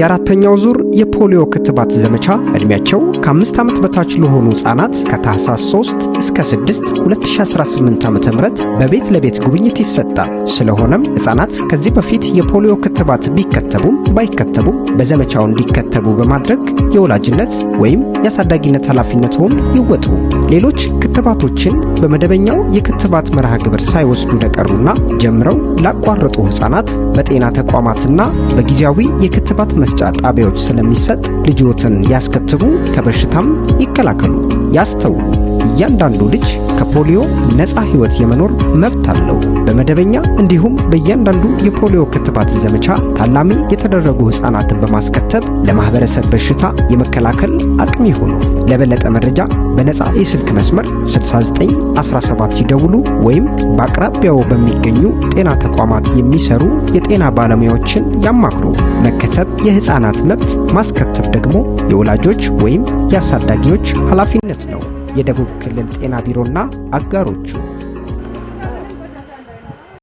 የአራተኛው ዙር የፖሊዮ ክትባት ዘመቻ ዕድሜያቸው ከአምስት ዓመት በታች ለሆኑ ሕፃናት ከታህሳስ 3 እስከ 6 2018 ም በቤት ለቤት ጉብኝት ይሰጣል። ስለሆነም ሕፃናት ከዚህ በፊት የፖሊዮ ክትባት ቢከተቡም ባይከተቡም በዘመቻው እንዲከተቡ በማድረግ የወላጅነት ወይም የአሳዳጊነት ኃላፊነትዎን ይወጡ። ሌሎች ክትባቶችን በመደበኛው የክትባት መርሃ ግብር ሳይወስዱ ለቀሩና ጀምረው ላቋረጡ ሕፃናት በጤና ተቋማትና በጊዜያዊ የክትባት መስጫ ጣቢያዎች ስለሚሰጥ ልጆትን ያስከትቡ፣ ከበሽታም ይከላከሉ፣ ያስተውሉ። እያንዳንዱ ልጅ ከፖሊዮ ነፃ ህይወት የመኖር መብት አለው። በመደበኛ እንዲሁም በእያንዳንዱ የፖሊዮ ክትባት ዘመቻ ታላሚ የተደረጉ ህፃናትን በማስከተብ ለማህበረሰብ በሽታ የመከላከል አቅም ይሁኑ። ለበለጠ መረጃ በነፃ የስልክ መስመር 6917 ሲደውሉ ወይም በአቅራቢያው በሚገኙ ጤና ተቋማት የሚሰሩ የጤና ባለሙያዎችን ያማክሩ። መከተብ የህፃናት መብት፣ ማስከተብ ደግሞ የወላጆች ወይም የአሳዳጊዎች ኃላፊነት ነው። የደቡብ ክልል ጤና ቢሮና አጋሮቹ